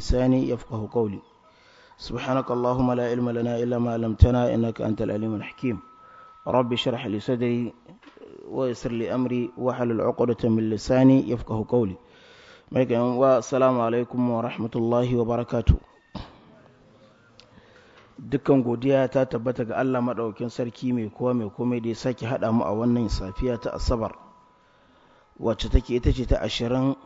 لساني يفقه قولي سبحانك اللهم لا علم لنا إلا ما علمتنا إنك أنت العليم الحكيم ربي شرح لي صدري ويسر لي أمري وحل العقدة من لساني يفقه قولي والسلام عليكم ورحمة الله وبركاته dukkan godiya ta tabbata ga Allah maɗaukin sarki mai kowa mai komai da ya sake haɗa mu a wannan safiya ta asabar wacce take ita ce ta ashirin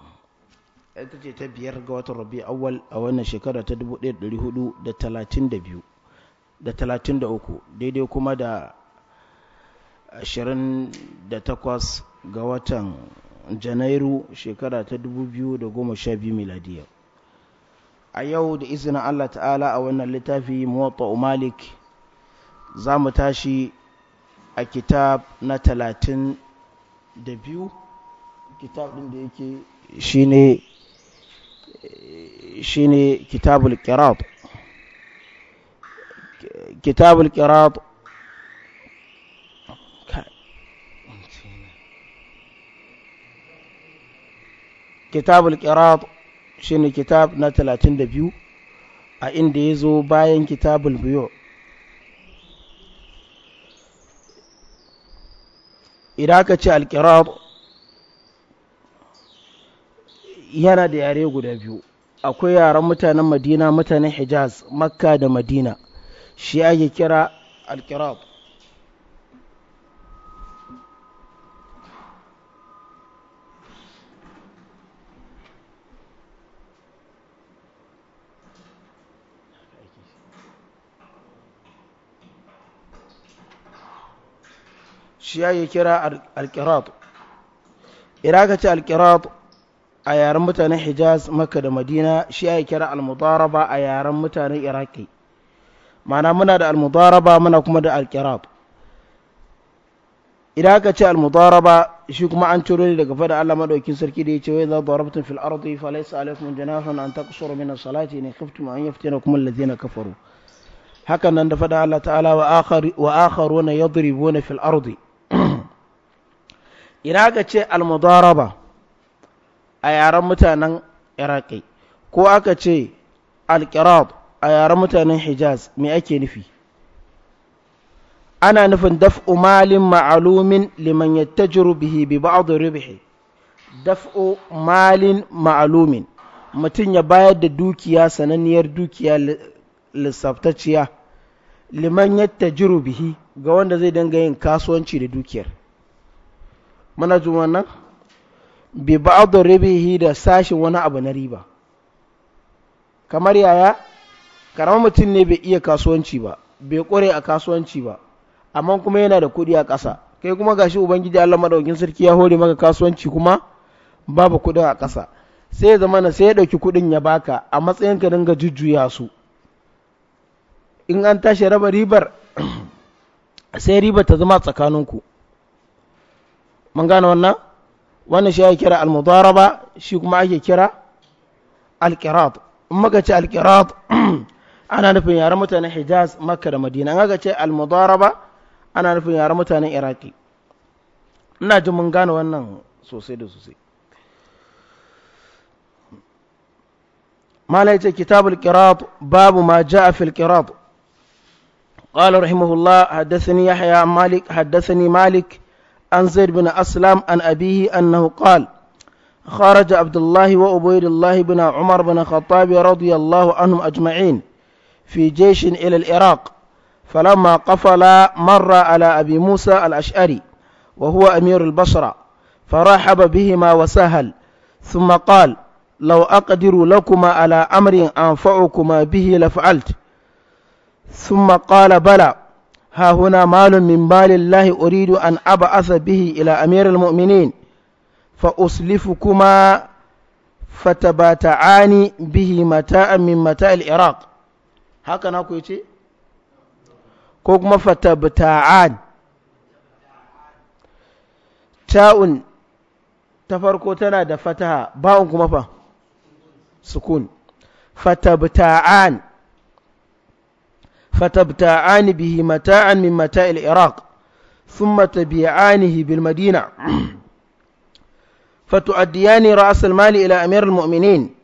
ita ce ta biyar ga watan rabi awal a wannan shekara ta 1432 da 33 daidai kuma da 28 ga watan janairu shekara ta 2012 miladiya a yau da izinin allah ta'ala a wannan littafi muwatta umalik za mu tashi a kitab na 32 kitab din da yake shine shine kitabul qirat kitabul qirat kitabul qirat shine kitab na 32 a inda ya zo bayan kitabul biyu idan ka ce alkirar yana da yare guda biyu akwai yaran mutanen madina mutanen hijaz makka da madina shi ake kira alkirab shi yi kira alkirab iraka ce alkirat a yaren mutanen hijaz maka da madina shi ya kira almudaraba a yaren mutanen iraki mana muna da almudaraba muna kuma da alkirab idan aka ce almudaraba shi kuma an ciro ne daga fada Allah madaukin sarki da ya ce wai za darabtum fil ardi fa laysa alaykum junahun an taqsuru min as-salati in khiftum an yaftinakum alladhina kafaru hakan nan da fada Allah ta'ala wa akhar wa akharuna yadribuna fil ardi idan aka ce almudaraba a yaren mutanen iraki ko aka ce alkirab a yaren mutanen hijaz me ake nufi ana nufin daf'u malin ma'alumin liman yattajiru bihi bi ba'd ribhi daf'u malin ma'alumin mutum ya bayar da dukiya sananniyar dukiya lissaftaciya liman yattajiru bihi ga wanda zai dinga yin kasuwanci da dukiyar mana jin wannan bi ba'd ribihi da sashi wani abu na riba kamar yaya karamar mutum ne bai iya kasuwanci ba bai kware a kasuwanci ba amma kuma yana da kuɗi a ƙasa kai kuma gashi ubangiji Allah madaukin sarki ya hore maka kasuwanci kuma babu kuɗin a ƙasa sai ya zama na sai ya ɗauki kuɗin ya baka a matsayin ka dinga jujjuya su in an tashi raba ribar sai ribar ta zama tsakaninku mun gane wannan wannan shi ake kira al-mudaraba shi kuma ake kira al-qirat in muka ce al-qirat ana nufin yaran mutanen Hijaz Makka da Madina in aka ce al-mudaraba ana nufin yaran mutanen Iraki ina jin mun gane wannan sosai da sosai ما ليت كتاب القراط باب ما جاء في القراط قال رحمه الله حدثني يحيى مالك حدثني مالك عن زيد بن أسلم عن أبيه أنه قال خرج عبد الله وأبيد الله بن عمر بن الخطاب رضي الله عنهم أجمعين في جيش إلى العراق فلما قفل مر على أبي موسى الأشعري وهو أمير البصرة فرحب بهما وسهل ثم قال لو أقدر لكما على أمر أنفعكما به لفعلت ثم قال بلى ها هنا مال من مال الله أريد أن أبعث به إلى أمير المؤمنين فأسلفكما فتباتعان به متاء من متاء العراق هكذا نقول شيء كوكما فتبتعان تاء تفرقو تنا دفتها باء كما فا سكون فتبتعان فتبتاعان به متاعا من متاع العراق ثم تبيعانه بالمدينة فتؤديان رأس المال إلى أمير المؤمنين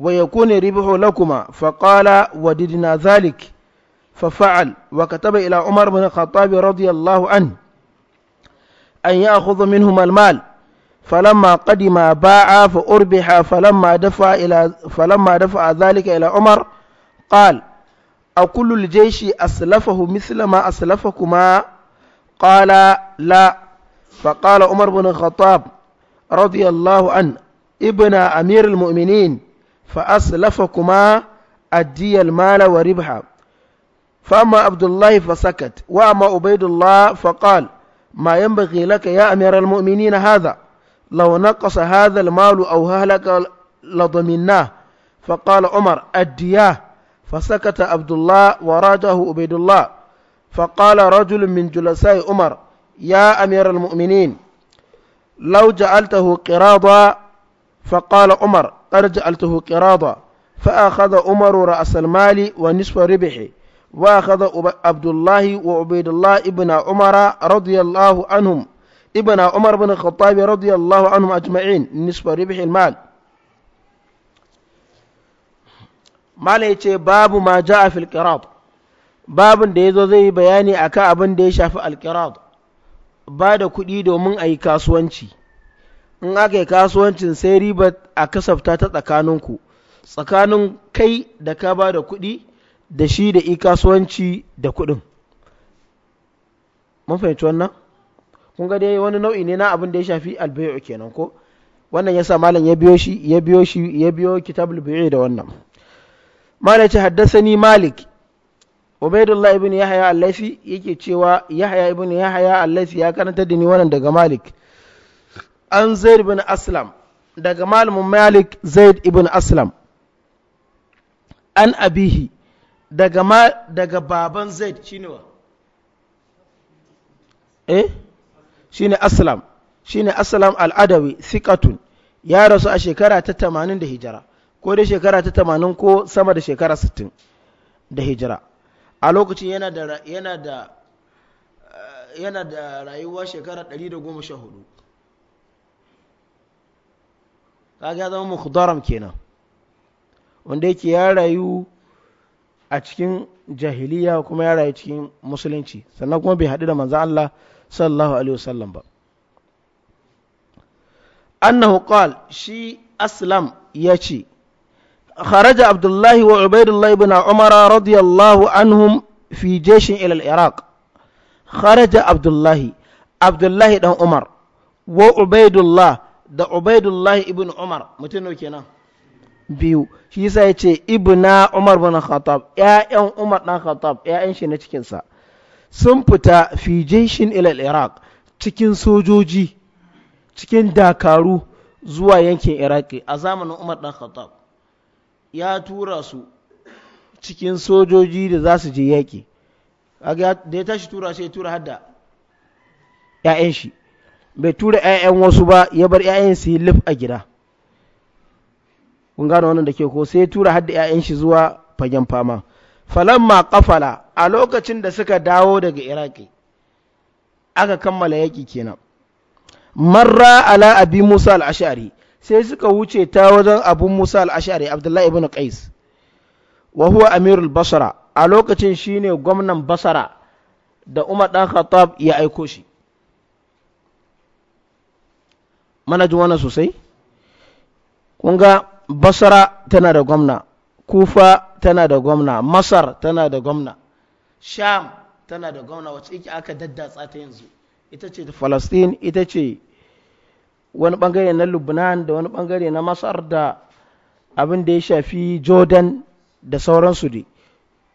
ويكون ربح لكما فقال وددنا ذلك ففعل وكتب إلى عمر بن الخطاب رضي الله عنه أن يأخذ منهما المال فلما قدم باع فأربح فلما دفع إلى فلما دفع ذلك إلى عمر قال أو كل الجيش أسلفه مثل ما أسلفكما قال لا فقال عمر بن الخطاب رضي الله عنه ابن أمير المؤمنين فأسلفكما أدي المال وربحا فأما عبد الله فسكت وأما عبيد الله فقال ما ينبغي لك يا أمير المؤمنين هذا لو نقص هذا المال أو هلك لضمناه فقال عمر أدياه فسكت عبد الله وراجه عبيد الله فقال رجل من جلساء عمر يا أمير المؤمنين لو جعلته قراضا فقال عمر قد جعلته قراضا فأخذ عمر رأس المال ونصف ربحه وأخذ عبد الله وعبيد الله ابن عمر رضي الله عنهم ابن عمر بن الخطاب رضي الله عنهم أجمعين نصف ربح المال malam ya ce babu ma ja a filkirat babin da ya zo zai yi bayani a ka abin da ya shafi alkirat ba da kuɗi domin a yi kasuwanci in aka yi kasuwancin sai riba a kasafta ta tsakaninku tsakanin kai da ka ba da kuɗi da shi da yi kasuwanci da kuɗin mun fahimci wannan kun ga dai wani nau'i ne na abin da ya shafi albayo kenan ko wannan yasa malam ya biyo shi ya biyo shi ya biyo kitabul bai'i da wannan mala ce haddasani malik ubaidullah ibn yahya allafi yake cewa yahya ibn yahya allafi ya karanta da ni wannan daga malik an zaid ibn aslam daga malamin malik zaid ibn aslam an abihi daga ma daga baban zaid shine wa eh shine aslam shine aslam al-adawi thiqatun ya rasu a shekara ta 80 da hijira ko dai shekara ta tamanin ko sama da shekara sittin da hijira a lokacin yana da yana da eh, yana da rayuwa shekara 114 kaga ya zama mukhdaram kenan wanda yake ya rayu a cikin jahiliya kuma ya rayu cikin musulunci sannan kuma bai haɗu da manzan Allah sallallahu alaihi wasallam ba annahu qal shi aslam ya ce خرج عبد الله وعبيد الله بن عمر رضي الله عنهم في جيش إلى العراق خرج عبد الله عبد الله بن عمر وعبيد الله da Ubaidullah ibn Umar mutum nau kenan biyu shi yasa ya ce ibna Umar bin Khattab ƴaƴan Umar dan Khattab ƴaƴan shi na cikin sa sun fita fi jayshin ila Iraq cikin sojoji cikin dakaru zuwa yankin Iraki a zamanin Umar dan Khattab ya tura su cikin sojoji da za su je yaƙi da ya tashi tura sai ya tura hadda ‘ya'yan shi bai tura ‘ya'yan wasu ba ya bar ‘ya'yan su yi lif a gida kun gano wannan da ke ko sai ya tura hadda ‘ya'yan shi zuwa fagen fama falamma kafala a lokacin da suka dawo daga iraki aka kammala yaƙi kenan marra ala abi musa al'ashari sai suka wuce ta wajen abun musa al'ashari abdullahi ibn qais wa huwa amirul basra a lokacin shine gwamnan basara da umar dan khattab ya aiko shi mana ji wannan sosai kunga Basra tana da gwamna kufa tana da gwamna masar tana da gwamna sham tana da gwamna wacce ake aka daddatsa ta yanzu ita ce falastin ita ce wani bangare na lubnan da wani bangare na masar da abin da ya shafi jordan da sauransu dai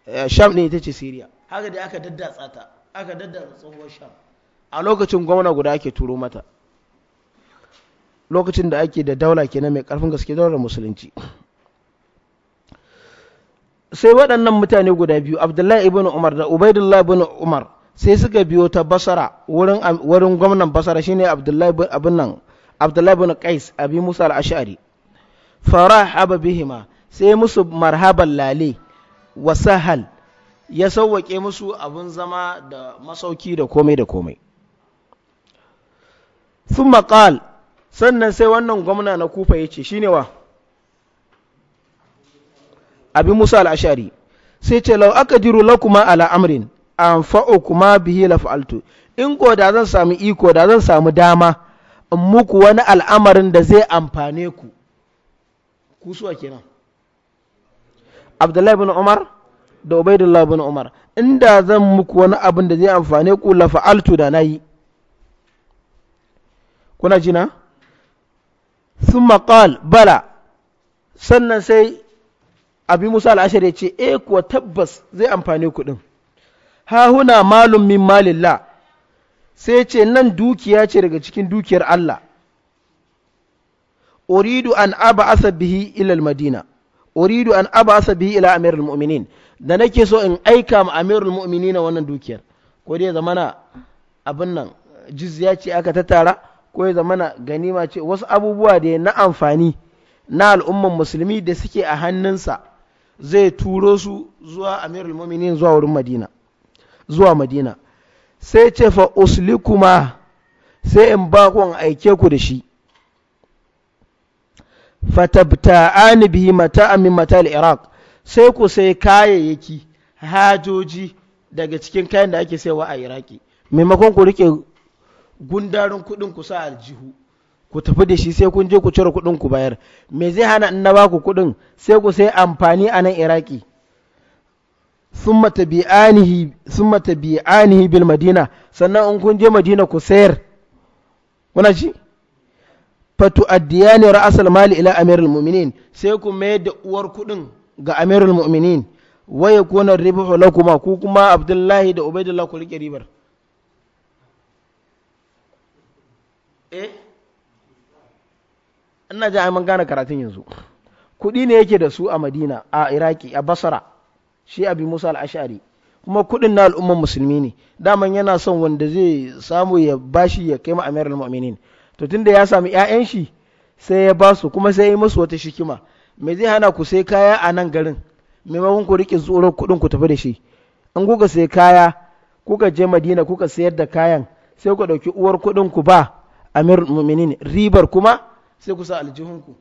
eh, sham ne ita ce siriya haka da aka daddatsa ta aka daddatsa tsohuwar sham a lokacin gwamna guda ake turo mata lokacin da ake da daula kenan mai karfin gaske daular musulunci sai waɗannan mutane guda biyu abdullahi ibn umar da ubaidullahi ibn umar sai suka biyo ta basara wurin gwamnan basara shine abdullahi ibn nan abdullahi bin qais abi musa al-ash'ari farahaba bihima sai musu marhaban lale wa sahal ya sauwake musu abun zama da masauki da komai da komai sun qal sannan sai wannan gwamna na kufa yace ce wa abi musa al'ashari sai ce lau aka jiru lakuma ala amrin an fa'o kuma bihi lafa'altu in ko zan samu iko da zan samu dama in muku wani al'amarin da zai amfane ku ku suwa kenan abdullahi bin umar da ubaidullah bin umar inda zan muku wani abin da zai amfane ku la fa'altu da nayi kuna jina thumma qal bala sannan sai abi musa al'ashari ya ce e kuwa tabbas zai amfane ku din ha huna malum min malillah sai ce nan dukiya ce daga cikin dukiyar Allah oridu an aba asa bihi ilal madina uridu an aba asa bihi ila amirul mu'minin da nake so in aika ma amirul mu'minin wannan dukiyar ko dai zamana abin nan jizya ce aka tattara ko ya zamana ganima ce wasu abubuwa da na amfani na al'umman musulmi da suke a hannunsa zai turo su zuwa amirul mu'minin zuwa wurin madina zuwa madina sai ce fa uslikuma sai in ba ku aike ku da shi fatabta'ani bihi mata min matal iraq sai ku sai kayayyaki hajoji daga cikin kayan da ake saiwa a iraki maimakon ku rike gundarin kudin ku sa aljihu ku tafi da shi sai kun je ku cire kudin ku bayar me zai hana in na ku kudin sai ku sai amfani a nan iraki Sun mata bil madina sannan in kun je madina ku sayar kuna shi fatu addiyani ra'asal mali ila amirul mu'minin sai ku mayar da uwar kudin ga amirul mu'minin waye kuna ribu lakuma ku kuma abdullahi da ubaidullah ku rike ribar eh ina ji ai gane karatun yanzu kudi ne yake da su a madina a iraki a basra shi abi musa al'ashari kuma kudin na al'umman musulmi ne daman yana son wanda zai samu ya bashi ya kai wa amirul mu'minin to tunda ya samu ƴaƴan shi sai ya basu kuma sai ya yi musu wata shikima me zai hana ku sai kaya a nan garin maimakon ku rike tsoron kudin ku tafi da shi in kuka sai kaya kuka je madina kuka sayar da kayan sai ku ɗauki uwar kudin ku ba amirul mu'minin ribar kuma sai ku sa aljihunku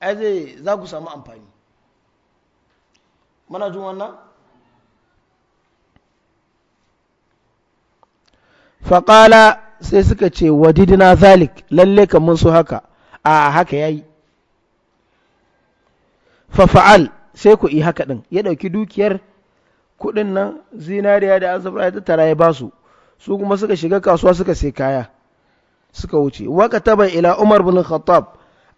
ai zai za ku samu amfani muna jin wannan faƙala sai suka ce wadidina zalik lalle kamun su haka a haka ya yi fafa'al sai ku yi haka ɗin ya ɗauki dukiyar kuɗin nan zinariya da azabra ya tara ya basu su kuma suka shiga kasuwa suka sai kaya suka wuce waka taba ila umar bin khattab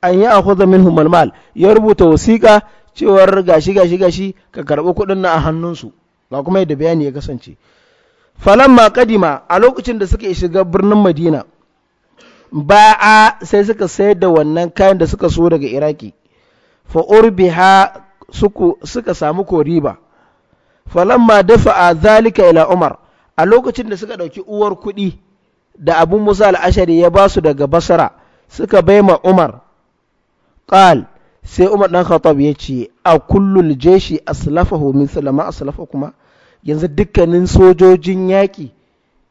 an yi akhudha minhum humalmal ya rubuta wasiƙa cewar gashi gashi gashi ka karɓi kuɗin na a hannunsu ba kuma yadda bayani ya kasance falamma kadima a lokacin da suka shiga birnin madina ba'a sai suka sayar da wannan kayan da suka so daga iraki fa urbiha suka samu koriba falamma a zalika ila umar a lokacin da suka ɗauki uwar kuɗi da abu musa al'ashari ya ba su daga basara suka bai ma umar ƙal sai umar dan khattab ya ce a kullul jeshi aslafahu min salama aslafa kuma yanzu dukkanin sojojin yaƙi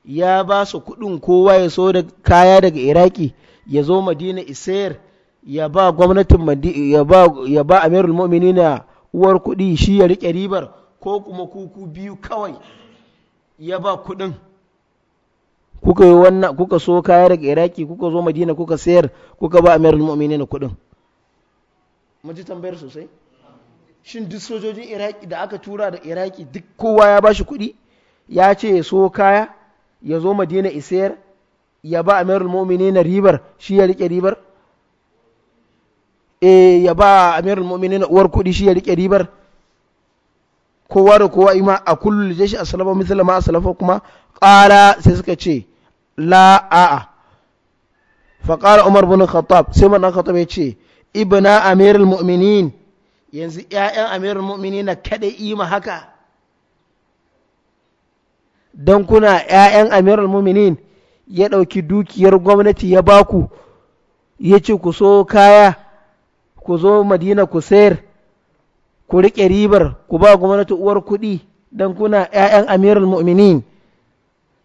ya ba su kuɗin kowa ya so da kaya daga iraki ya zo madina isayar ya ba gwamnatin ya ba amirul mu'minina uwar kuɗi shi ya riƙe ribar ko kuma kuku biyu kawai ya ba kuɗin kuka yi wannan kuka so kaya daga iraki kuka zo madina kuka sayar kuka ba amirul mu'minina kuɗin maji tambayar sosai shin duk sojojin iraki da aka tura da iraki duk kowa ya bashi kuɗi ya ce ya so kaya ya zo madina isayar ya ba amirul mu'mini na ribar shi ya rike ribar e ya ba amirul mu'mini na uwar kudi shi ya rike ribar kowa da kowa ima a kullu da a asalafa misali ma asalafa kuma ƙara sai suka ce la a'a fa ƙara umar bin khattab sai man khattab ya ce ibna amirul mu'minin yanzu ‘ya'yan amirul mu'minin na kaɗe ima haka don kuna ‘ya'yan amirul mu'minin ya ɗauki dukiyar gwamnati ya baku ya ce ku so kaya ku zo madina ku sayar ku riƙe ribar ku ba gwamnati uwar kuɗi don kuna ‘ya'yan amirul mu'minin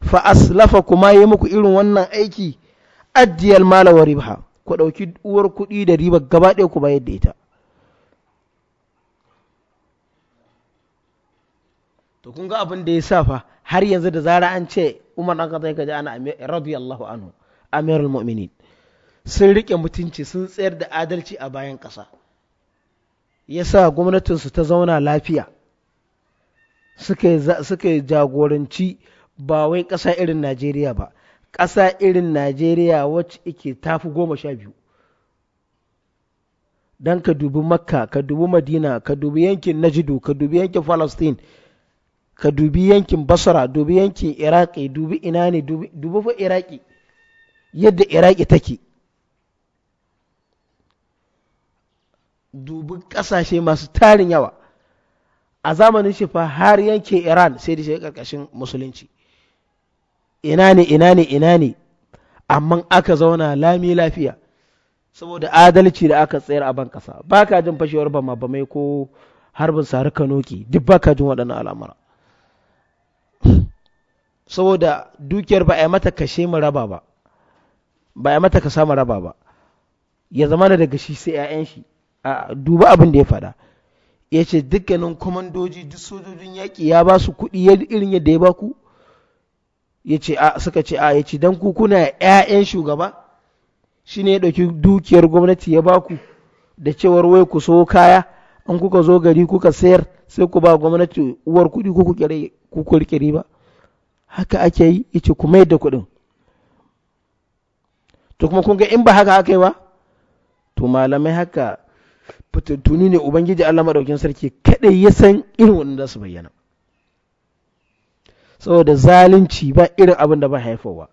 fa aslafa kuma yi muku irin wannan aiki ajiyar malawar wa ku ɗauki uwar kuɗi da riba gaba ɗaya ku bayar da ita to kun ga abin da ya sa fa har yanzu da zara an ce umar an kaza kaji ana radiyallahu anhu amirul mu'minin sun rike mutunci sun tsayar da adalci a bayan ƙasa ya sa gwamnatinsu ta zauna lafiya suka jagoranci ba wai ƙasa irin najeriya ba ƙasa irin najeriya wacce ike tafi goma sha biyu don ka dubi makka ka dubi madina ka dubi yankin najidu ka dubi yankin Falastin, ka dubi yankin basra dubi yankin iraki dubi ina ne dubi fa iraki yadda iraki take dubi ƙasashe masu tarin yawa a zamanin shi fa har yankin iran sai da shi ƙarƙashin musulunci ina ne ina ne ina ne amma aka zauna lami lafiya saboda adalci da aka tsayar a ban kasa ba ka jin fashewar ba ma ko harbin sari kanoki duk ba ka jin waɗannan al'amura saboda dukiyar ba a yi mata kashe mu raba ba ba a yi mata kasa mu raba ba ya zama da daga shi sai 'ya'yan shi a duba abin da ya faɗa ya ce dukkanin kwamandoji duk sojojin yaƙi ya ba su kuɗi irin yadda ya ba ku yace a suka ce a yace dan ku kuna ƴaƴan shugaba shine ya ɗauki dukiyar gwamnati ya baku da cewar wai ku so kaya an kuka zo gari kuka sayar sai ku ba gwamnati uwar kuɗi ku ku kirkiri ba haka ake yi yace ku mai da kuɗin to kuma kun ga in ba haka aka yi ba to malamai haka fitattuni ne ubangiji Allah madaukin sarki kadai ya san irin wanda su bayyana saboda zalunci ba irin abin da ba haifarwa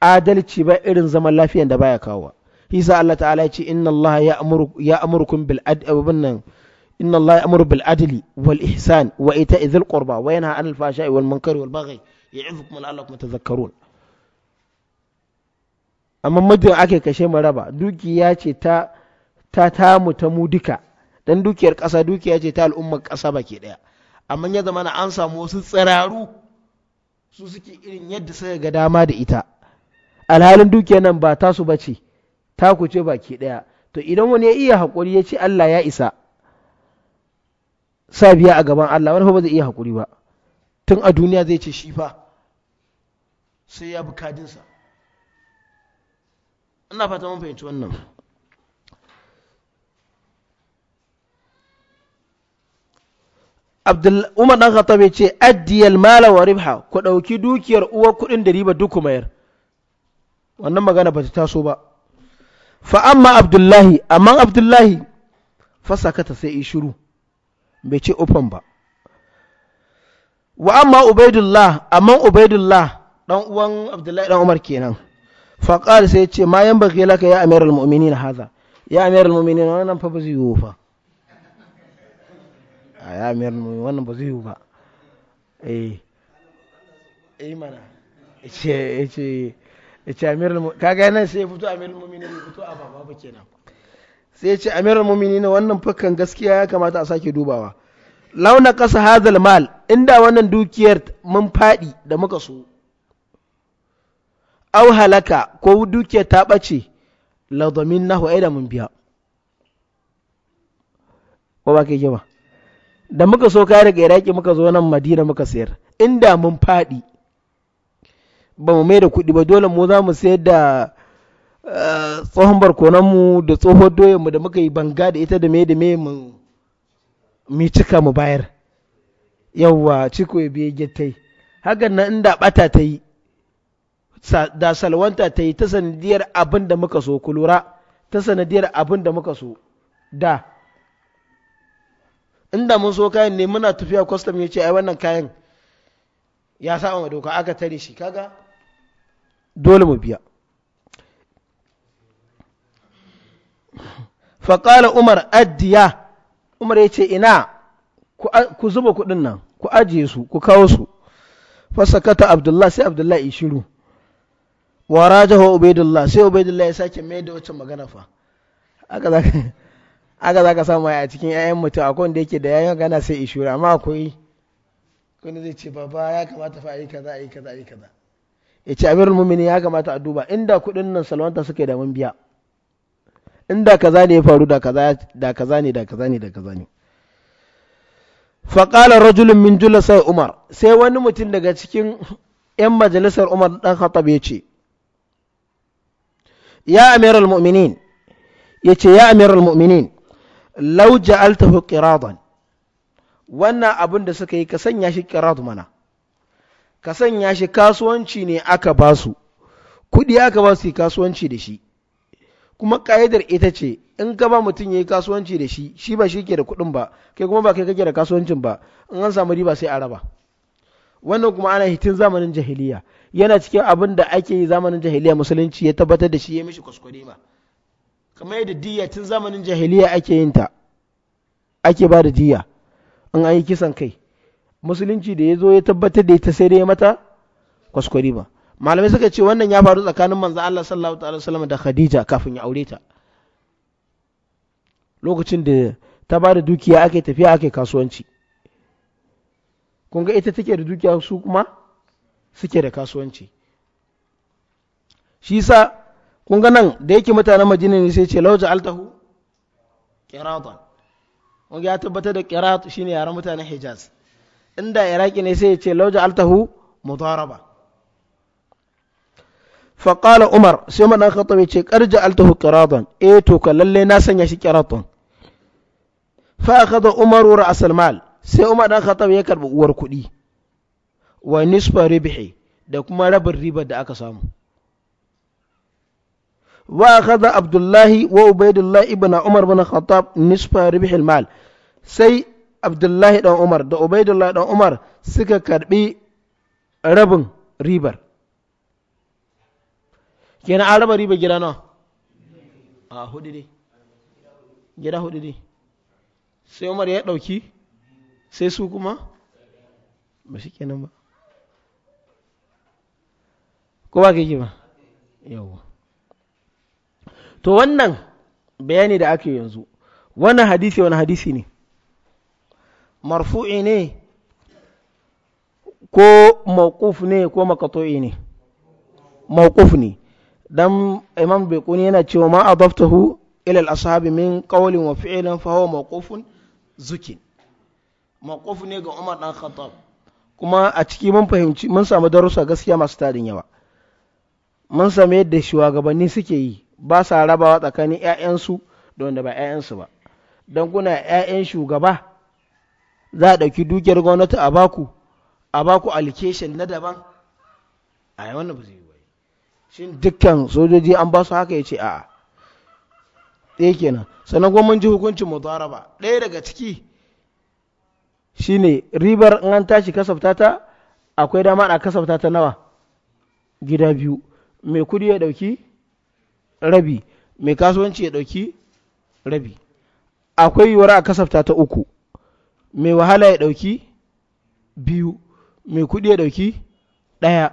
adalci ba irin zaman lafiyan da baya kawo hisa Allah ta'ala ce inna Allah ya amurkum bil adl nan inna Allah ya amuru bil adli wal ihsan wa ita'i dhil qurba wa yanha 'anil fahsha'i wal munkari wal baghi ya'idhukum la'allakum tadhakkarun amma muddin ake kashe mu raba dukiya ce ta ta tamu ta mu duka dan dukiyar ƙasa dukiya ce ta al'ummar ƙasa baki daya amma ya zama na an samu wasu tsiraru su suke irin yadda suka ga dama da ita alhalin dukiyar nan ba tasu ba ce Ta kuce baki ɗaya to idan wani ya iya haƙuri ya ce Allah ya isa sa biya a gaban Allah wani ba zai iya haƙuri ba tun a duniya zai ce shi fa sai ya bi kadinsa ina fata mun fahimci wannan umar dan khattab ya ce addiyal mala wa ribha ku ɗauki dukiyar uwar kuɗin da riba duk mayar wannan magana ba ta taso ba fa amma abdullahi amma abdullahi fasakata sai ishuru bai ce ufan ba wa amma ubaidullah amma ubaidullah dan uwan abdullahi dan umar kenan fa qala sai ya ce ma yan bagi laka ya amiral mu'minin hadha ya amiral mu'minin wannan fa ba zai yi fa a ya mayar wannan ba zai yiwu ba eh eh mana ce ce ce amirul kaga nan sai ya fito amirul mu'minin ne fito a baba ba kenan sai ya ce amirul ne wannan fakan gaskiya ya kamata a sake dubawa launa kasa hadal mal inda wannan dukiyar mun fadi da muka so au halaka ko dukiyar ta bace la dhamin nahu aida mun biya ko ba kai ba da muka so kaya daga iraki muka zo nan madina muka sayar inda mun faɗi ba mu mai da kuɗi ba dole mu za mu sayar da eh, tsohon barkonanmu da tsohon doyonmu da muka yi banga da ita da me da me mu cika mu bayar yawwa ciko ya biye gittai hakan nan inda bata ta yi da salwanta ta yi ta sanadiyar abin da muka so ku ta sanadiyar abin da muka so da inda mun so kayan ne muna tafiya kwastam ya ce ai wannan kayan ya sa ma doka aka tare shi kaga dole mu biya faƙala umar addiya umar ya ce ina ku zuba kuɗin nan ku ajiye su ku kawo su fasakata abdullah sai abdullah ya shiru wa rajahu ubaidullah sai ubaidullah ya sake mai da wacce magana fa haka zaka aka za ka samu a cikin 'ya'yan mutum akwai wanda yake da ya magana sai ishura amma akwai wanda zai ce baba ya kamata fa a yi kaza a yi kaza a yi kaza ya ce amirul mumini ya kamata a duba inda kuɗin nan salwanta suke da mun biya inda kaza ne ya faru da kaza da kaza ne da kaza ne da kaza ne faƙalar rajulun min julasar umar sai wani mutum daga cikin 'yan majalisar umar ɗan khattab ya ce ya amiral mu'minin ya ce ya amiral mu'minin lau ja'altahu qiradan wannan abin da suka yi ka sanya shi qirad mana ka sanya shi kasuwanci ne aka ba su kuɗi aka ba su kasuwanci da shi kuma kaidar ita ce in ka ba mutum yayi yi kasuwanci da shi shi ba shi ke da kuɗin ba kai kuma ba kai kake da kasuwancin ba in an samu riba sai a raba wannan kuma ana hitin zamanin jahiliya yana cikin abin da ake yi zamanin jahiliya musulunci ya tabbatar da shi ya mishi kuskure ba kamar yadda diyya tun zamanin jahiliya ake yin ta ake ba da diya in an yi kisan kai musulunci da ya zo ya tabbatar da ita sai dai mata kwaskwari ba malamai suka ce wannan ya faru tsakanin manzo Allah sallallahu alaihi wasallam da Khadija kafin ya aure ta lokacin da ta ba da dukiya ake tafiya ake kasuwanci kun ita take da dukiya su kuma suke da kasuwanci shi sa kun ga nan da yake mutanen madina ne sai ce lauja altahu kiratan kun ya tabbata da shi shine yaran mutanen hijaz inda iraki ne sai ya ce lauja altahu mudaraba fa umar sai man khattab ya ce qarja altahu kiratan eh to ka lalle na sanya shi kiratan fa akhadha umar ra'as al-mal sai umar dan khattab ya karbi uwar kuɗi wa nisfa ribhi da kuma rabin ribar da aka samu وأخذ عبد الله وعبيد الله ابن عمر بن الخطاب نصف ربح المال سي عبد الله بن عمر ده عبيد الله بن عمر سكا كربي ربن ريبر kenan an gida nawa a hudu ne gida hudu ne sai umar ya dauki sai su kuma ba shi kenan ba ko ba ke ba to wannan bayani da ake yanzu wannan hadisi wani hadisi ne marfu'i ne ko mawquf ne ko makato'i ne mawquf ne dan imam baiquni yana cewa ma adaftahu ila al-ashabi min qawlin wa fi'ilin fa huwa mawqufun zukin mawquf ne ga Umar ɗan Khattab kuma a ciki mun fahimci mun samu darussa gaskiya masu tarin yawa mun same yadda shugabanni suke yi ba sa rabawa tsakanin 'ya'yansu da wanda ba 'ya'yansu ba don kuna 'ya'yan shugaba za a ɗauki dukiyar gwamnati a baku a baku allocation na daban a yi wannan ba zai yi ba shi dukkan sojoji an ba su haka ya ce a'a ɗaya kenan sannan kuma mun ji hukuncin ba ɗaya daga ciki shine ribar in an tashi kasafta ta akwai dama a kasafta ta nawa gida biyu mai kudi ya ɗauki rabi mai kasuwanci ya ɗauki rabi akwai yiwuwar a kasafta ta uku mai wahala ya ɗauki biyu mai kuɗi ya ɗauki ɗaya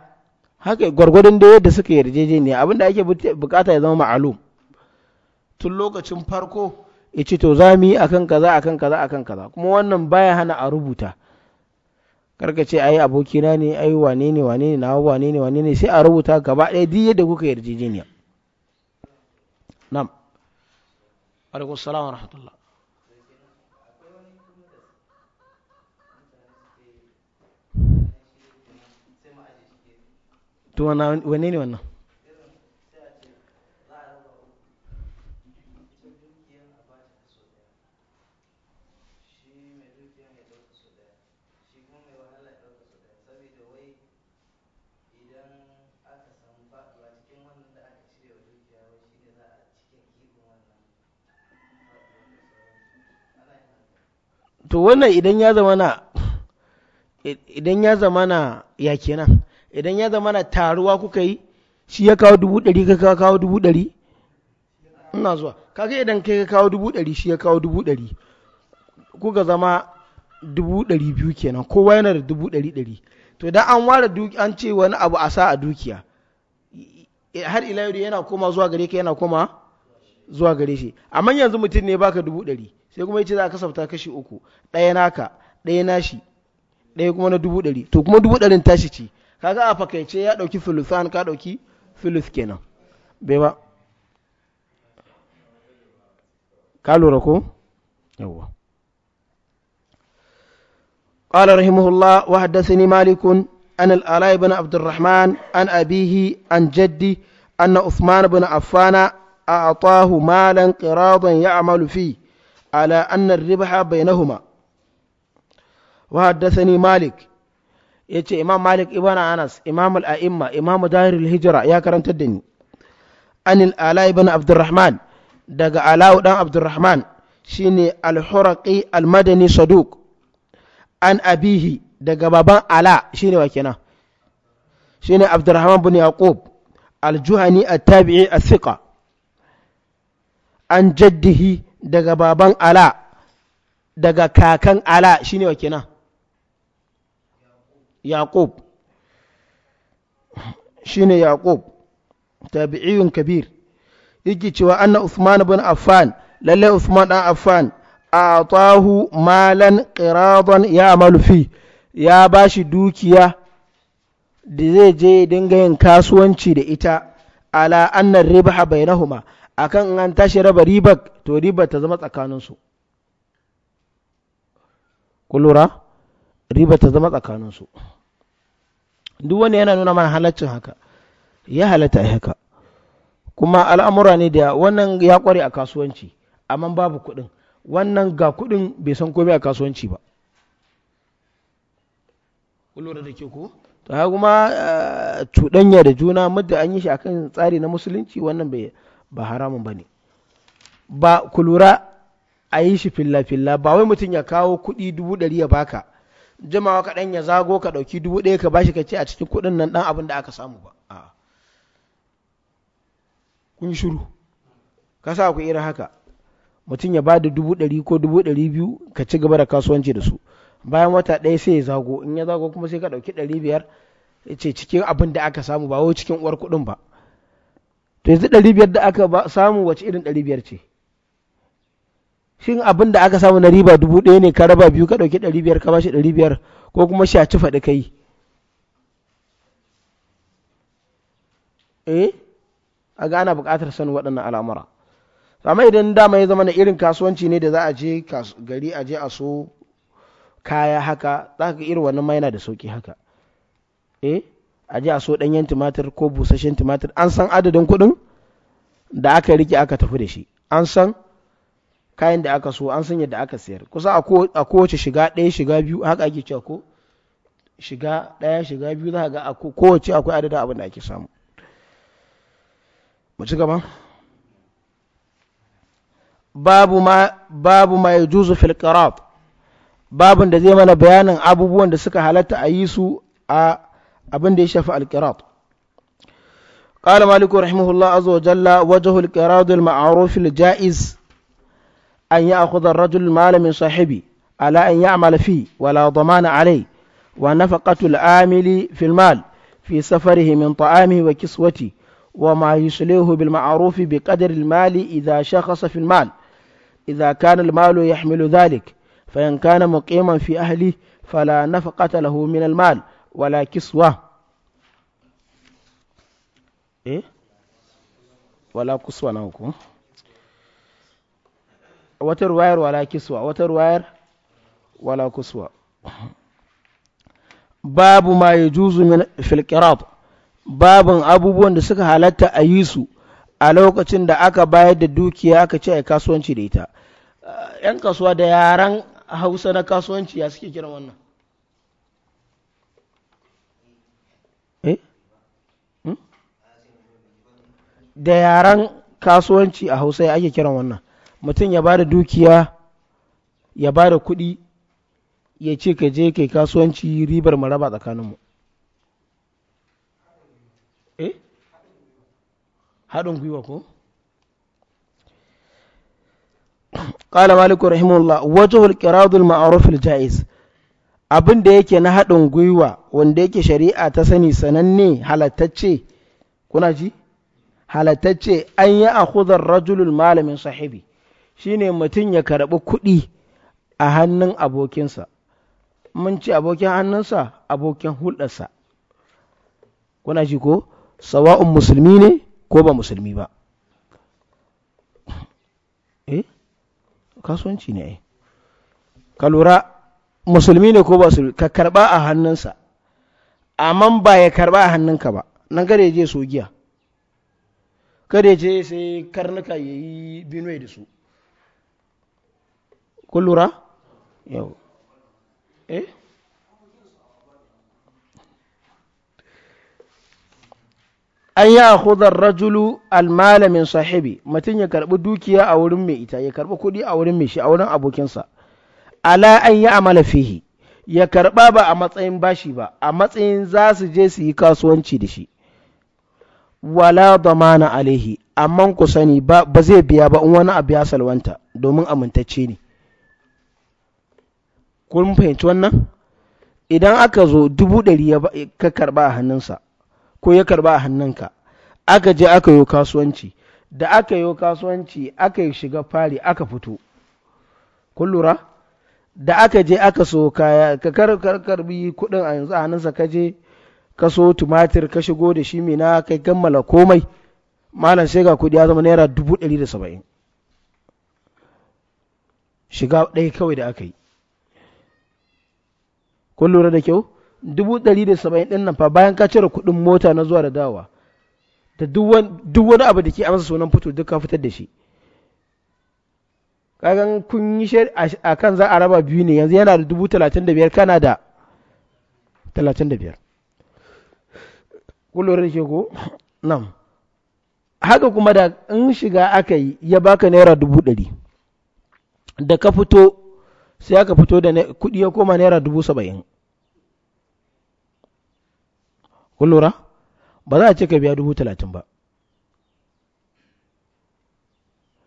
haka gwargwadon da yadda suka yarjejeniya abinda ake bukata ya zama ma'alum tun lokacin farko ya ce to za mu yi akan kaza akan kaza akan kaza kuma wannan baya hana a rubuta karka ce ai abokina ne ai wane ne wane ne na wane ne wane ne sai a rubuta gaba ɗaya duk yadda kuka yarjejeniya na'am alaikum salam wannan to wannan idan ya zama na idan ya zama na ya kenan idan ya zama na taruwa kuka yi shi ya kawo dubu ɗari ka kawo dubu ɗari ina zuwa kaga idan kai ka kawo dubu ɗari shi ya kawo dubu ɗari kuka zama dubu ɗari biyu kenan kowa yana da dubu ɗari ɗari to da an ware an ce wani abu a sa a dukiya har ila yau yana koma zuwa gare ka yana koma zuwa gare shi amma yanzu mutum ne baka dubu ɗari sai kuma yace za a kasafta kashi uku ɗaya naka ɗaya nashi ɗaya kuma na dubu ɗari to kuma dubu ɗarin tashi ce kaga a fakaice ya ɗauki sulusan ka ɗauki sulus kenan bai ba ka lura ko yawwa قال رحمه الله وحدثني مالك عن الآلاء بن عبد الرحمن عن أبيه عن جدي أن عثمان بن عفان أعطاه مالا قراضا يعمل فيه على أن الربح بينهما وحدثني مالك yace imam malik ibn anas imam al-a'imma imam dahir al-hijra ya karanta da ni an al-ala ibn abdurrahman daga alau dan abdurrahman shine al-huraqi al-madani saduq an abihi daga baban ala shine wa kenan shine abdurrahman bin yaqub Aljuhani juhani at-tabi'i as an jaddihi daga baban ala daga kakan ala shine wa yaqub shine yaqub tabi'iyun kabir yake cewa anna usman bin affan lalle usman dan affan atahu malan qiradan ya fi ya bashi dukiya da zai je dinga yin kasuwanci da ita ala annar ribha bainahuma akan in an tashi raba ribar to ribar ta zama tsakaninsu su lura ribar ta zama tsakaninsu duk wani yana nuna mana halaccin haka ya halatta haka kuma al'amura ne da wannan ya kware a kasuwanci amma babu kuɗin wannan ga kuɗin bai san komai a kasuwanci ba lura da ke ko ta kuma eh, cuɗanya da juna muddin an yi shi akan tsari na musulunci wannan bai ba haramun ba ne ba ku lura a yi shi filla-filla ba wai mutum ya kawo kuɗi dubu ɗari ya baka jimawa kaɗan ya zago ka ɗauki dubu ɗaya ka bashi ka ce a cikin kuɗin nan ɗan abin da aka samu ba a kun shiru ka sa ku irin haka mutum ya ba da dubu ɗari ko dubu ɗari biyu ka ci gaba da kasuwanci da su bayan wata ɗaya sai ya zago in ya zago kuma sai ka ɗauki ɗari biyar ce cikin abin da aka samu ba wai cikin uwar kuɗin ba to yanzu ɗari biyar da aka samu wace irin ɗari biyar ce shin abin da aka samu na riba dubu ɗaya ne ka raba biyu ka ɗauki ɗari biyar ka bashi ɗari biyar ko kuma sha ci faɗi kai eh a ga ana buƙatar sanin waɗannan al'amura amma idan dama ya zama na irin kasuwanci ne da za a je gari a je a so kaya haka za ka irin wannan ma yana da sauƙi haka eh a ji a so ɗanyen tumatir ko busasshen tumatir an san adadin kuɗin da aka rike aka tafi da shi an san kayan da aka so an san yadda aka sayar kusa a kowace shiga ɗaya shiga biyu haka ake cewa ko shiga ɗaya shiga biyu za ga kowace akwai adadin abin da ake samu mu ci gaba babu ma babu ma yajuzu fil babun da zai mana bayanin abubuwan da suka halatta a yi su a abin da ya shafi قال مالك رحمه الله عز وجل وجه القراض المعروف الجائز أن يأخذ الرجل المال من صاحبه على أن يعمل فيه ولا ضمان عليه ونفقة العامل في المال في سفره من طعامه وكسوته وما يسليه بالمعروف بقدر المال إذا شخص في المال إذا كان المال يحمل ذلك فإن كان مقيما في أهله فلا نفقة له من المال wala kiswa eh wala kuswa na huku wata ruwayar wala kiswa wata ruwayar wala kuswa babu ma ya juzu min filkirat babin abubuwan da suka halatta a yi su a lokacin da aka bayar da dukiya aka ce a kasuwanci da ita ‘yan kasuwa da yaran hausa na kasuwanci ya suke kiran wannan da yaren kasuwanci a hausa ya ake kiran wannan mutum ya ba da dukiya ya ba da kuɗi ya ce ka je kai kasuwanci ribar maraba tsakaninmu eh haɗin gwiwa ko ƙala maliku رحمه الله وجه القراض المعروف abin da yake na haɗin gwiwa wanda yake shari'a ta sani sananne halattacce kuna ji halatacce an yi a hudar rajulul malamin sahibi shine mutum ya karɓi kuɗi a hannun abokinsa mun ce abokin hannunsa abokin hulɗarsa kuna shi ko sawa'un musulmi ne ko ba musulmi ba eh kasuwanci ne eh. ka lura musulmi ne ko ba su ka karɓa a hannunsa amma ba ya karɓa a hannunka ba nan gare je sogiya giya kada je sai karnuka ya yi binuwa da su kun lura? yau eh an yi akhudar rajulu almalamin sahibi mutum ya karbi dukiya a wurin mai ita ya karbi kudi a wurin mai shi a wurin abokinsa ala an yi amala fihi ya karba ba a matsayin bashi ba a matsayin za su je su yi kasuwanci da shi wala damana alaihi amma ku sani ba zai biya ba in wani abu ya salwanta domin amintacce ne kun fahimci wannan idan aka zo dubu ɗari ka karba a hannunsa ko ya karba a hannunka aka je aka yi kasuwanci da aka yi kasuwanci aka yi shiga fari aka fito kun lura da aka je aka so kaya ka karbi kudin a yanzu a hannunsa ka je ka so tumatir ka shigo da shi mina kai Gammala komai malam sai ga kuɗi ya zama naira dubu ɗari da saba'in shiga ɗaya kawai da aka yi kun lura da kyau dubu ɗari da saba'in ɗin nan fa bayan ka cire kuɗin mota na zuwa da dawa da duk wani abu da ke amsa sunan fito duk ka fitar da shi kagan kun yi shi a kan za a raba biyu ne yanzu yana da dubu talatin da biyar kana da talatin da biyar Kullum ke ko nan haka kuma da in shiga aka yi ya baka naira dubu ɗari da ka fito sai aka fito da kuɗi ya koma naira dubu saba'in kullura ba za a ce ka biya dubu talatin ba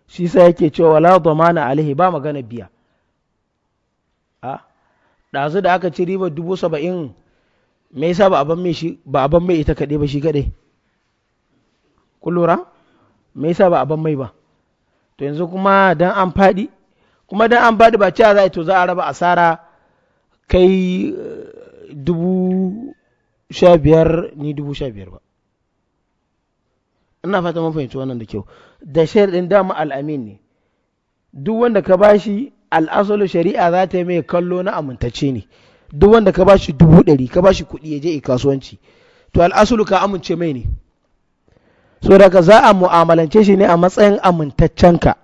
shi sa yake cewa wala na alihi ba magana biya ah, ɗazu da aka ci riba dubu saba'in me yasa ba a mai shi ba mai ita kaɗai ba shi kaɗai kun lura me yasa ba a mai ba to yanzu kuma dan an faɗi kuma dan an faɗi ba cewa za a to za a raba asara kai eh, dubu sha biyar ni dubu sha biyar ba ina fata mun fahimci wannan da kyau da ɗin dama al'amin ne duk wanda ka bashi al'asalu shari'a za ta yi mai kallo na amintacce ne duk wanda ka bashi dubu ɗari ka bashi kuɗi ya je yi kasuwanci to al'asulu ka amince mai ne so daga za a mu'amalance shi ne a matsayin amintaccen ka.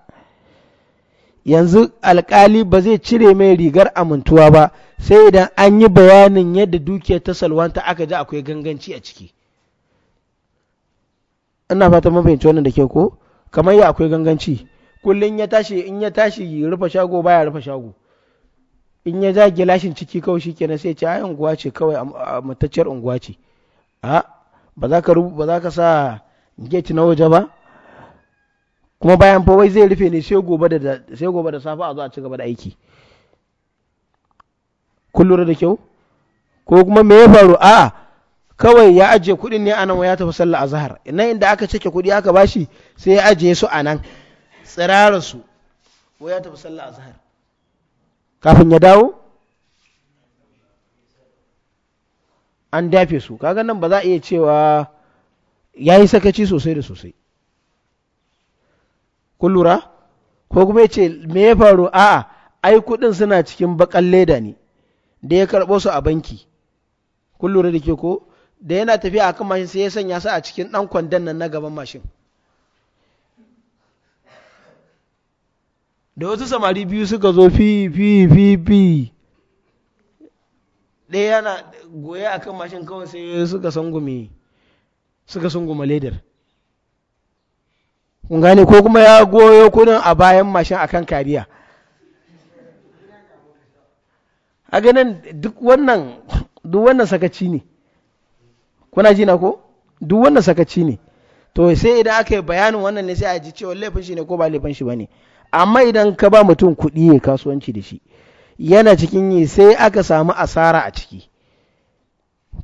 yanzu alkali ba zai cire mai rigar amintuwa ba sai idan an yi bayanin yadda dukiyar ta salwanta aka ji akwai ganganci a ciki ina fata mafahimci wannan da ke ko kamar ya akwai ganganci kullum ya tashi in ya tashi rufe shago baya rufe shago in ya ja gilashin ciki kawai shi kenan sai ce ai unguwa ce kawai a matacciyar unguwa ce a ba za ka ba za ka sa gate na waje ba kuma bayan fa wai zai rufe ne sai gobe da sai gobe da safa a zo a ci gaba da aiki kun da kyau ko kuma me ya faru a kawai ya ajiye kuɗin ne anan ya tafi sallah azhar nan inda aka cike kuɗi aka bashi sai ya ajiye su anan tsirara su wai ya tafi sallah azhar kafin ya dawo an dafe su kaga nan ba za a iya cewa ya yi sakaci sosai da sosai kun lura ko kuma ya ce me ya faru a'a ai kudin suna cikin bakan leda ne da ya karɓo su a banki kun lura da ke ko da yana tafiya a kan mashin sai ya sanya su a cikin ɗan kwandon nan na gaban mashin da wasu samari biyu suka zo fi fi fi fi ɗaya yana goya a kan mashin kawai sai suka sangume suka sunguma ledar kun gane ko kuma ya goyo kudin a bayan mashin akan kariya a ganin duk wannan duk wannan sakaci ne kuna jina ko duk wannan sakaci ne to sai idan aka yi bayanin wannan ne sai a ji cewa laifin shi ne ko ba laifin shi ba ne amma idan ka ba mutum kuɗi ya kasuwanci da shi yana cikin yi sai aka samu asara a ciki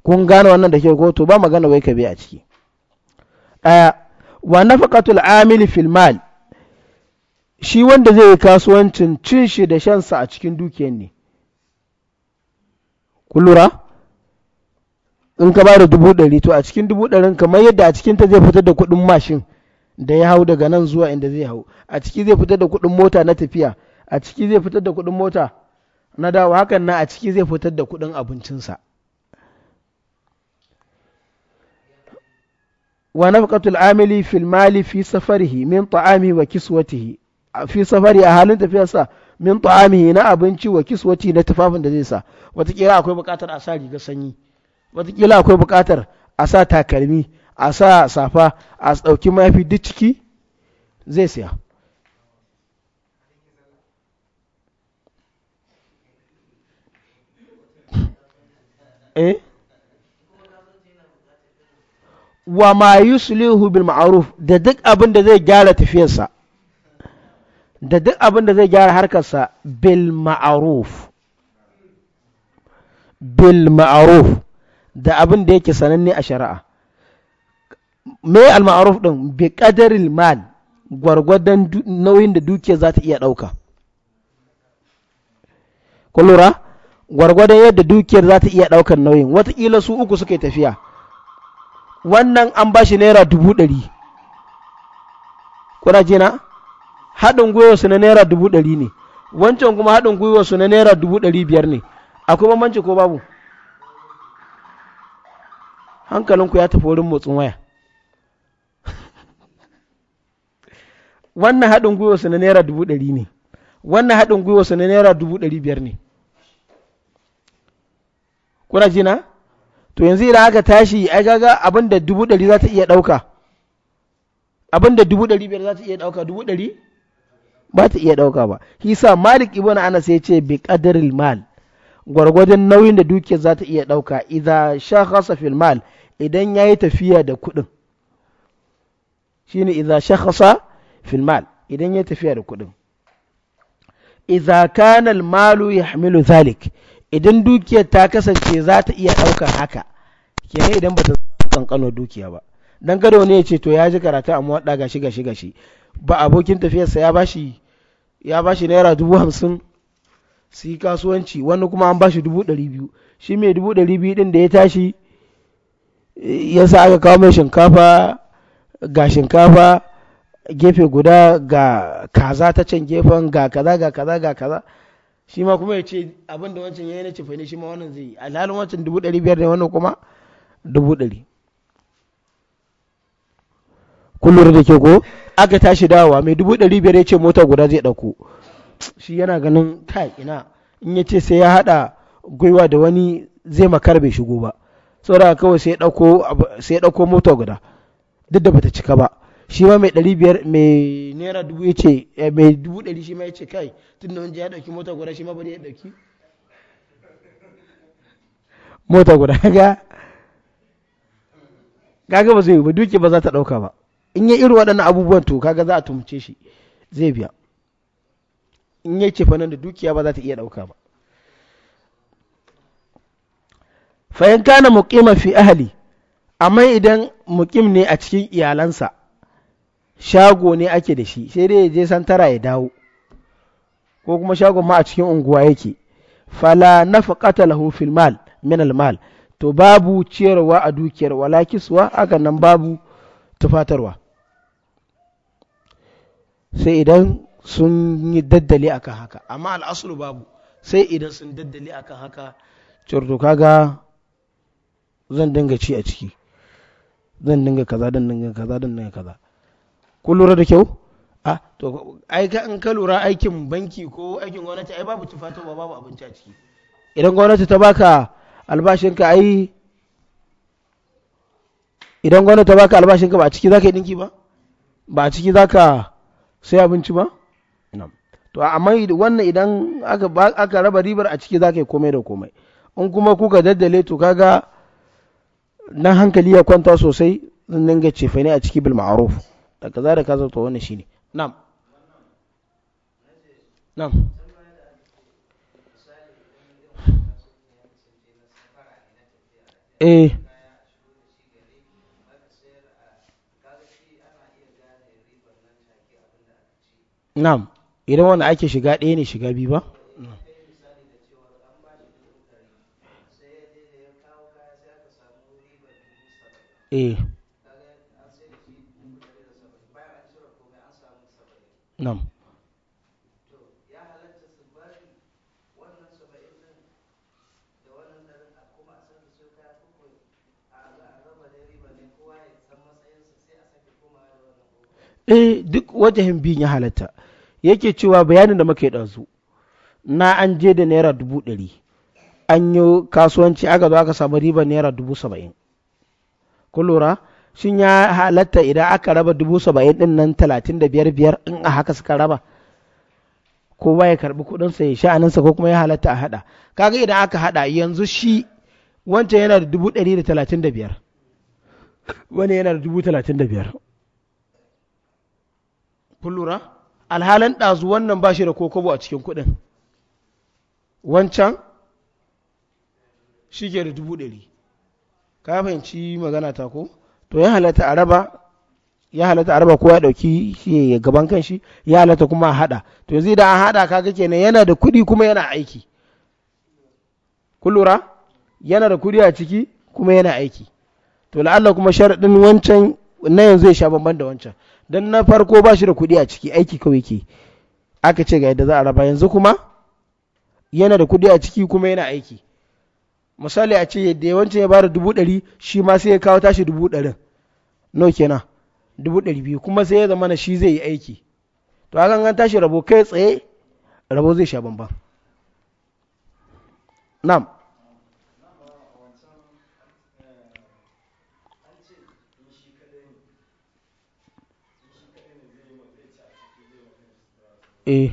kun gane wannan da ke ko to ba magana wai ka bi a ciki ɗaya wa nafaqatul amil fil mal shi wanda zai yi kasuwancin cin shi da shansa a cikin dukiyar ne kullura lura in ka ba da dubu ɗari to a cikin dubu ɗarin kamar yadda a cikin ta zai fitar da kuɗin mashin da ya hau daga nan zuwa inda zai hau a ciki zai fitar da kuɗin mota na tafiya a ciki zai fitar da kuɗin mota na dawo hakan na a ciki zai fitar da kuɗin abincinsa wa nafqatul amili fil mali fi safarihi min ta'ami wa kiswatihi fi safari a halin tafiyarsa min ta'amihi na abinci wa kiswati na tufafin da zai sa watakila akwai bukatar a sa rigar sanyi watakila akwai bukatar a sa takalmi a sa safa a ɗauki mafi duk ciki zai siya eh wa ma yuslihu bil ma'ruf da duk abin da zai gyara tafiyarsa da duk abin da zai gyara harkarsa bil ma'ruf bil ma'ruf da abin da yake sananne a shari'a me al-ma'ruf din bi qadaril mal gwargwadon nauyin da dukiya za ta iya dauka kun lura gwargwadon yadda dukiyar za ta iya daukar nauyin watakila su uku suka tafiya wannan an ba shi naira dubu ɗari kuna jina haɗin gwiwarsu na naira dubu ɗari ne wancan kuma haɗin gwiwarsu na naira dubu ɗari biyar ne akwai bambanci ko babu hankalinku ya tafi wurin motsin waya wannan haɗin gwiwa su na naira dubu ɗari ne wannan haɗin gwiwa su na naira dubu ɗari biyar ne kuna jina to yanzu idan aka tashi ai gaga abin da dubu ɗari za ta iya ɗauka abin da dubu ɗari biyar za ta iya ɗauka dubu ɗari ba ta iya ɗauka ba hisa malik ibn anas ya ce bi qadaril mal gwargwadon nauyin da dukiyar za ta iya ɗauka idan shakhasa fil mal idan yayi tafiya da kuɗin shine idan shakhasa filmal idan ya tafiya da kuɗin idza kana ya yahmilu zalik idan dukiya ta kasance za ta iya ɗaukar haka kenan idan ba ta kankano dukiya ba dan gado ne ya ce to ya ji karatu amma wadda gashi gashi gashi ba abokin tafiyarsa ya bashi ya bashi naira dubu hamsin su kasuwanci wani kuma an bashi dubu ɗari biyu shi mai dubu ɗari biyu ɗin da ya tashi ya sa aka kawo mai shinkafa ga shinkafa gefe guda ga kaza ta can gefen ga kaza ga kaza ga kaza shi ma kuma ya ce abin da wancan ya yi na ne shi ma wannan zai yi alhalin wancan dubu ɗari biyar ne wannan kuma dubu ɗari kullum da ke ko aka tashi dawowa mai dubu ɗari biyar ya ce mota guda zai ɗauko shi yana ganin kai ina in ya ce sai ya haɗa gwiwa da wani zai makar bai shigo ba saboda kawai sai ya ɗauko mota guda duk da bata cika ba shi ma mai ɗari biyar mai naira dubu ya ce eh, mai dubu ɗari shi ma ce kai tun da wanda ya ɗauki mota guda shi ma bari ya ɗauki mota guda ga kaga ba zai ba duke ba za ta ɗauka ba in ya irin waɗannan abubuwan to kaga za a tumce shi zai biya in ya ce fanan da dukiya ba za ta iya ɗauka ba Fahimta kana muqima fi ahli amma idan muqim ne a cikin iyalansa shago ne ake da shi sai dai je San tara ya dawo ko kuma shago ma a cikin unguwa yake fala nafaqata lahu fil mal min al mal to babu ciyarwa a dukiyar wala kiswa hakan nan babu tufatarwa sai idan sun yi daddali akan haka amma al'asulu babu sai idan sun daddali akan haka curto kaga zan dinga ci a ciki zan dinga kaza dan dinga kaza dan dinga kaza Kun lura da kyau a to ai ka in ka lura aikin banki ko aikin gwamnati ai babu tufato ba babu abinci a ciki idan gwamnati ta baka ka ai idan gwamnati ta baka albashinka ba a ciki zaka yi dinki ba ba a ciki zaka sai abinci ba to amma wannan idan aka raba ribar a ciki zaka yi komai da komai in kuma kuka daddale to kaga nan hankali ya kwanta sosai zan dinga cefane ne a ciki bil ma'ruf da kaza da kaza to wannan shine na'am na'am eh na'am idan wanda ake shiga ɗaya ne shiga biyu ba eh nam eh duk wajahin biyun ya halatta yake cewa bayanin da muka ɗazu na an je da naira dubu ɗari an yi kasuwanci aka zo aka samu riba naira dubu saba'in kun lura shin ya halatta idan aka raba dubu saba'in din nan talatin da biyar biyar in a haka suka raba kowa ya karbi sa ya sha'aninsa ko kuma ya halatta a hada kaga idan aka hada yanzu shi wancan yana da dubu ɗari da talatin da biyar wani yana da dubu talatin da biyar kun lura alhalin ɗazu wannan ba shi da kokobo a cikin kuɗin wancan shi ke da dubu ɗari ka fahimci magana ta ko to ya halatta a raba ya halatta a raba ko ya dauki shi ya gaban kanshi ya halatta kuma a hada to yanzu idan a hada kaga kenan yana da kuɗi kuma yana aiki ku lura yana da kuɗi a ciki kuma yana aiki to la'alla kuma sharadin wancan na yanzu ya sha bamban da wancan don na farko ba shi da kuɗi a ciki aiki kawai ke aka ce ga yadda za a raba yanzu kuma yana da kuɗi a ciki kuma yana aiki misali a ce yadda wancan ya bada dubu ɗari shi ma sai ya kawo tashi dubu ɗarin no kenan dubu ɗari biyu kuma sai ya zama na shi zai yi aiki to a an tashi rabo kai tsaye rabo zai sha bambam nam eh.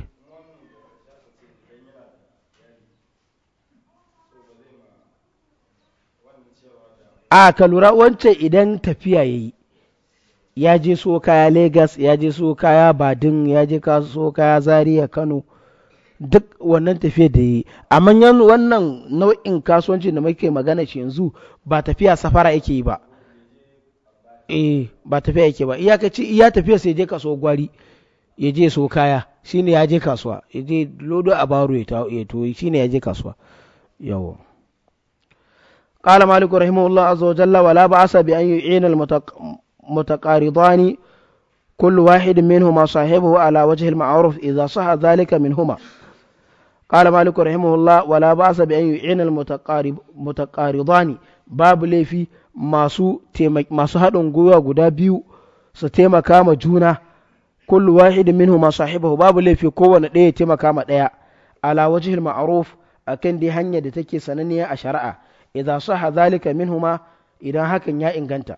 a ka lura wancan idan tafiya ya yi ya je so kaya Legas ya je so kaya Badin ya je so kaya Zaria Kano duk wannan tafiya da yi amma yan wannan nau'in kasuwanci da muke magana shi yanzu ba tafiya safara yake yi ba eh ba tafiya yake ba iyakaci iya tafiya sai je kaso gwari ya je so kaya shine ya je kasuwa ya je lodo a baro ya toyi shine ya je kasuwa yawo قال مالك رحمه الله عز وجل ولا بأس بأن يعين المتق... متقارضان كل واحد منهما صاحبه على وجه المعروف إذا صح ذلك منهما قال مالك رحمه الله ولا بأس بأن يعين المتقارب متقارضان باب لفي masu masu haɗin gwiwa guda biyu su taimaka ma juna kullu wahidin minhu ma sahibahu babu laifi kowane ɗaya ya taimaka ma ɗaya ala wajhil ma'ruf akan dai hanya da take sananniya a shari'a idan sahha zalika minhuma idan hakan ya inganta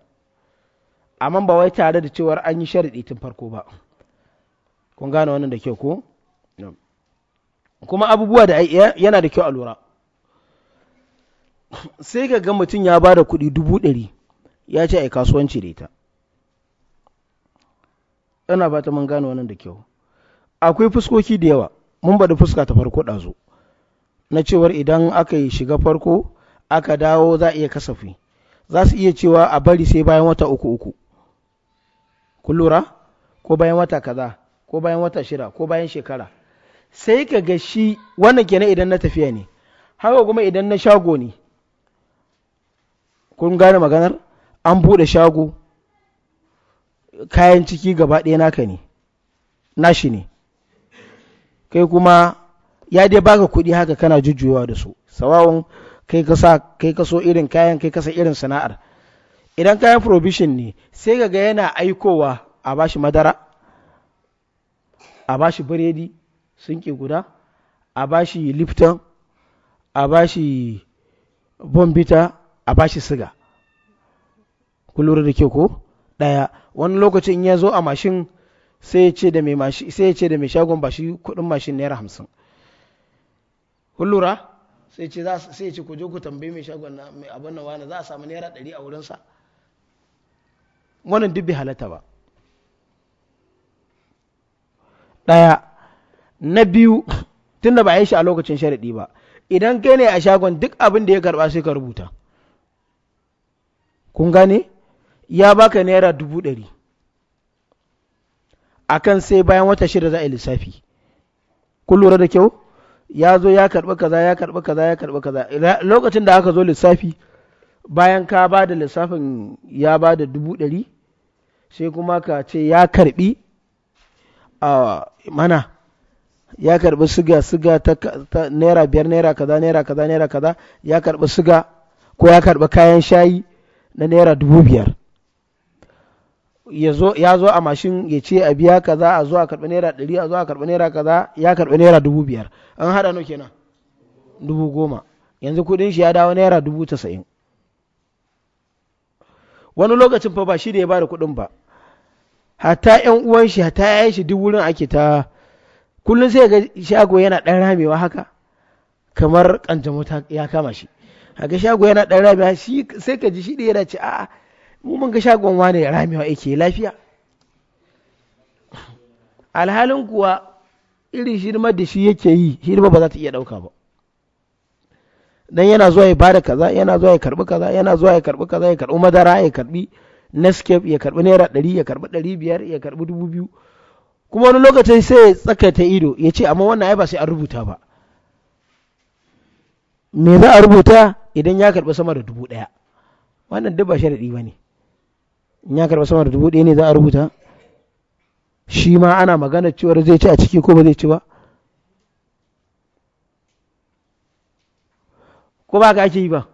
amma ba wai tare da cewar an yi sharaɗi tun farko ba kun gane wannan da kyau ko kuma abubuwa da yana da kyau a lura sai ga mutum ya ba da kuɗi dubu ɗari ya ce a kasuwanci da ita yana ta mun gane wannan da kyau akwai fuskoki da yawa mun bada fuska ta farko ɗazu na cewar idan aka yi shiga farko aka dawo za a iya kasafi za su iya cewa a bari sai bayan wata uku uku kun lura ko bayan wata kaza ko bayan wata shida ko bayan shekara sai ka ga shi wannan kenan idan na tafiya ne haka kuma idan na shago ne kun gane maganar an buɗe shago kayan ciki gaba ɗaya naka ne nashi ne kai kuma ya dai baka kuɗi haka kana jujjuyawa da su sawawun kai ka so irin kayan kai ka irin sana'ar idan kayan provision ne sai ga yana aikowa a bashi madara a bashi biredi sun ke guda a bashi lifton a bashi bombita a bashi siga kullum da ke ko ɗaya wani lokacin ya zo a mashin sai ya ce da mai shagon bashi kudin mashin naira hamsin kullura sai ce ku je ku tambayi mai shagon na mai abin na wani za a samu naira ɗari a wurinsa wannan duk bai halatta ba ɗaya na biyu tunda ba a yi shi a lokacin sharaɗi ba idan kai ne a shagon duk abin da ya karɓa sai ka rubuta kun gane ya baka naira dubu ɗari a kan sai bayan wata shida za a yi lissafi kun lura da kyau ya zo ya karɓi kaza ya karɓi kaza ya karɓi kaza lokacin da aka zo lissafi bayan ka ba da lissafin ya ba da dubu ɗari sai kuma ka ce ya karbi a mana ya karbi siga siga ta, naira biyar naira kaza naira kaza naira kaza ya karbi siga ko ya karbi kayan shayi na naira dubu biyar ya zo a mashin ya ce a biya kaza a zo a karbi naira ɗari a zo a karbi naira kaza ya karbi naira dubu biyar an haɗa no kenan dubu goma yanzu kuɗin shi ya dawo naira dubu tasa'in wani lokacin fa ba shi da ya ba da kuɗin ba hatta yan uwan shi hatta yayin shi duk wurin ake ta kullum sai ga shago yana dan ramewa haka kamar ta ya kama shi haka shago yana dan ramewa shi sai ka ji shi da yana ce a'a mu mun ga shagon wane ramewa yake lafiya alhalin kuwa irin hidimar da shi yake yi hidima ba za ta iya ɗauka ba dan yana zuwa ya bada kaza yana zuwa ya karbi kaza yana zuwa ya karbi kaza ya karbi madara ya karbi Netscape ya karɓi naira ɗari ya karɓi ɗari biyar ya karɓi dubu biyu kuma wani lokacin sai ya tsakaita ido ya ce amma wannan ai ba sai an rubuta ba me za a rubuta idan ya karɓi sama da dubu ɗaya wannan duk ba sharaɗi ba ne in ya karɓi sama da dubu ɗaya ne za a rubuta shi ma ana magana cewar zai ci a ciki ko ba zai ci ba ko ba ka ake yi ba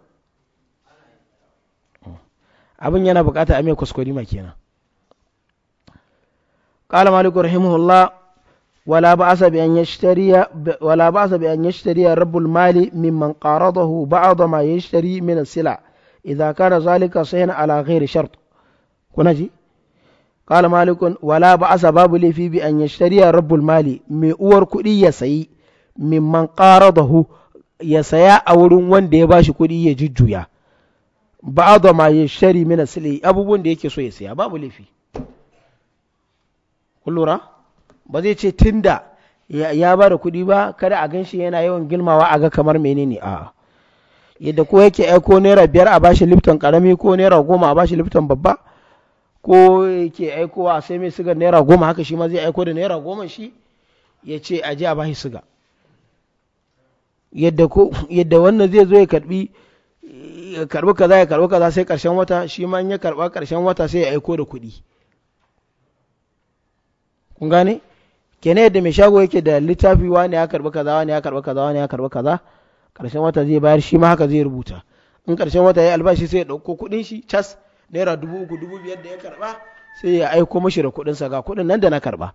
abin yana bukata a mai kuskure ma kenan qala malik rahimahullah wala ba'asa bi an yashtariya wala ba'asa bi an yashtariya rabbul mali mimman qaradahu ba'd ma yashtari min as-sila idza kana zalika sayan ala ghairi shart kuna ji قال مالك ولا بأس باب لي في بأن يشتري رب المال مي أور كدي يسي ممن قارضه يسيا أورون وان دي باشي يججويا ba'adha ma shari min sile abubuwan da yake so ya saya babu laifi kun lura ba zai ce tunda ya ba da kuɗi ba kada a ganshi yana yawan gilmawa a ga kamar menene a yadda ko yake aiko naira biyar a bashi lifton karami ko naira goma a bashi lifton babba ko yake aikowa a sai mai sigar naira goma haka shi ma zai aiko da naira goma shi ya ce a je a bashi siga yadda wannan zai zo ya karbi ya karbi kaza ya karbi kaza sai karshen wata shi ma in ya karba karshen wata sai ya aiko da kuɗi kun gane kenan yadda mai shago yake da littafi wani ya karbi kaza wani ya karbi kaza wani ya karbi kaza karshen wata zai bayar shi ma haka zai rubuta in karshen wata ya albashi sai ya ɗauko kuɗin shi cas naira dubu uku dubu biyar da ya karba sai ya aiko mashi da kuɗinsa ga kuɗin nan da na karba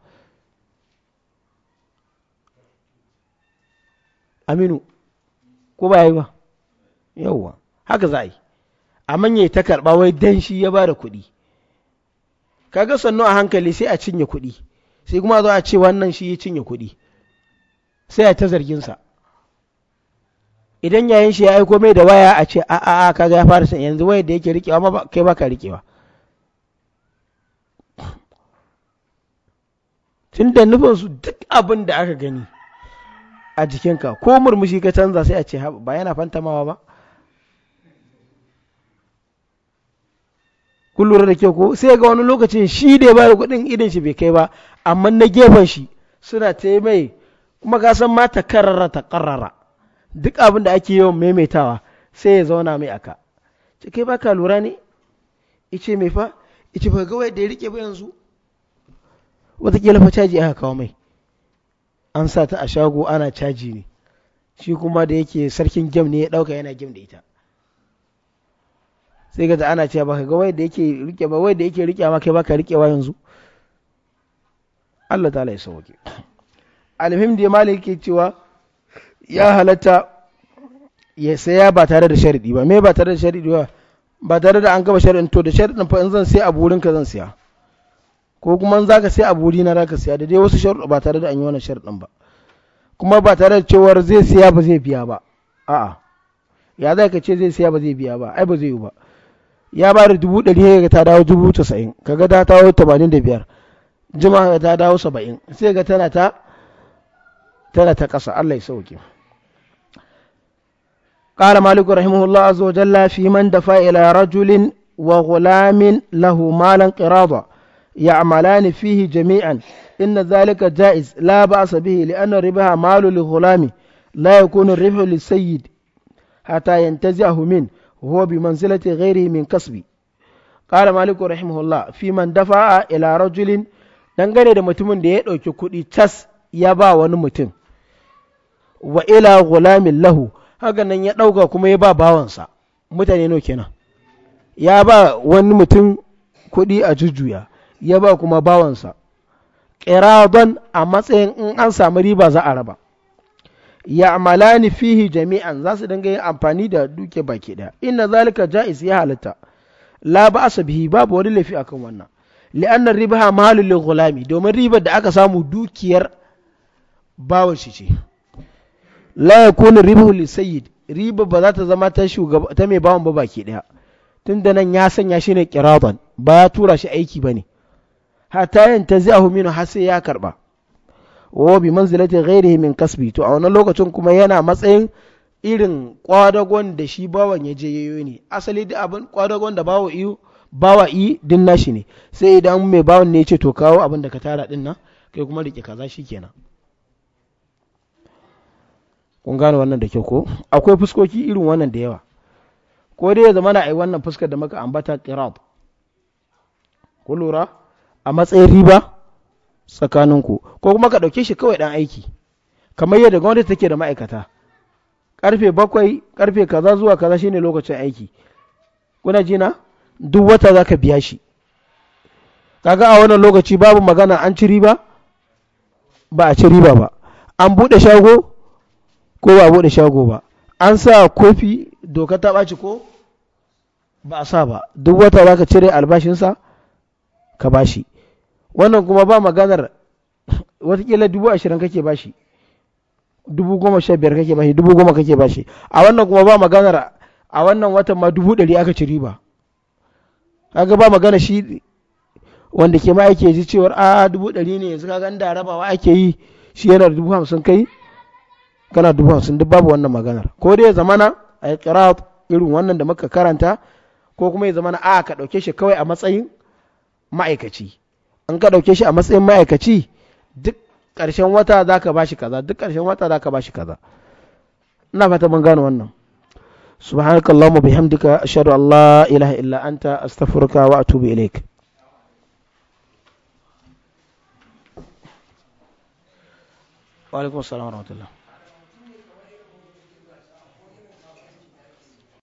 aminu ko ba yi ba yauwa haka za a yi amma ya ta karɓa wai dan shi ya ba da kuɗi ga sannu a hankali sai a cinye kuɗi sai kuma zo a ce wannan shi ya cinye kuɗi sai a ta zarginsa idan yayin shi ya aiko mai da waya a ce a a a kaga ya fara san yanzu waya da yake rikewa ma kai ba ka rikewa tun da su duk abin da aka gani a jikinka ko murmushi ka canza sai a ce ba yana fantamawa ba kun lura da kyau ko sai ga wani lokacin shi da ya bayar kuɗin idan shi bai kai ba amma na gefen shi suna ta yi mai kuma ka san mata karara ta karara duk abin da ake yawan maimaitawa sai ya zauna mai aka ce kai baka lura ne ice mai fa ice ba ga da ya rike ba yanzu wataƙila fa caji aka kawo mai an sa ta a shago ana caji ne shi kuma da yake sarkin gem ne ya ɗauka yana gem da ita sai ga ana cewa baka ga wayar da yake rike ba wayar da yake rike ma kai baka rike wa yanzu Allah ta'ala ya sauke alhim da malik ke cewa ya halatta ya saya ba tare da sharidi ba me ba tare da sharidi ba ba tare da an gaba sharidin to da sharidin fa in zan sai a burin ka zan siya ko kuma in zaka sai a buri na zaka siya da dai wasu sharuɗa ba tare da an yi wannan sharidin ba kuma ba tare da cewar zai siya ba zai biya ba a'a ya zai ka ce zai siya ba zai biya ba ai ba zai yi ba ya ba da dubu ɗari ga ta dawo dubu tasa'in kaga ta dawo tamanin da biyar jima ta dawo saba'in sai ga tana ta tana ta ƙasa Allah ya sauke قال مالك رحمه الله عز وجل في من دفع إلى رجل وغلام له مالا قراضا يعملان فيه جميعا إن ذلك جائز لا بأس به لأن ربها مال لغلام لا يكون الربح للسيد حتى ينتزعه منه وهو بمنزلة غيره من كسبي قال مالك رحمه الله في من دفع إلى رجل dangane da mutumin da ya ɗauki kuɗi cas ya ba wani mutum wa ila gulamin lahu hakanan ya ɗauka kuma ya ba bawansa mutane no kenan ya ba wani mutum kuɗi a jujjuya ya ba kuma bawansa ƙiradon a matsayin in an samu riba za a raba amalani fihi jami'an za su dinga yin amfani da duke baki daya inna zalika jaiz ya halatta la ba'sa bihi babu wani lafi akan wannan li'anna ribaha malul ghulami domin ribar da aka samu dukiyar bawan shi ce la yakunu ribahu sayyid riba ba za ta zama ta shugaba ta mai bawan ba baki ɗaya tunda nan ya sanya shi ne kiradan ba ya tura shi aiki bane hatta yantazi'ahu minhu har sai ya karba wa bi manzilati ghairihi min kasbi to a wannan lokacin kuma yana matsayin irin kwadagon da shi bawan ya je yayo ne asali da abin kwadagon da bawa iyo bawa i din nashi ne sai idan mai bawan ne ya ce to kawo abin da ka tara din nan kai kuma rike kaza shikenan kun gane wannan da kyau ko akwai fuskoki irin wannan da yawa ko dai ya zama na ai wannan fuskar da muka ambata qirab ku lura a matsayin riba tsakaninku ko kuma ka ɗauke shi kawai ɗan aiki kamar yadda gwamnati take da ma'aikata karfe bakwai karfe kaza zuwa kaza shine lokacin aiki kuna jina duk wata za ka biya shi kaga a wannan lokaci babu magana an ci riba ba a ci riba ba an buɗe shago ko ba a buɗe shago ba an sa kofi doka ta ɓaci ko ba a sa ba duk wata za ka cire albashinsa ka bashi wannan kuma ba maganar watakila dubu ashirin kake bashi dubu goma sha biyar kake bashi dubu goma kake bashi a wannan kuma ba maganar a wannan watan ma dubu ɗari aka ci riba kaga ba magana shi wanda ke ma ake ji cewar a dubu ɗari ne yanzu kaga da rabawa ake yi shi yana dubu hamsin kai kana dubu hamsin duk babu wannan maganar ko dai zamana a yi irin wannan da muka karanta ko kuma ya zamana a ka ɗauke shi kawai a matsayin ma'aikaci an ka ɗauke shi a matsayin ma'aikaci duk ƙarshen wata za ka ba shi kaza duk ƙarshen wata za ka ba shi kaza ina fata mun gano wannan subhanakallahumma bihamdika ashhadu an la ilaha illa anta astaghfiruka wa atubu ilaik وعليكم السلام wa rahmatullah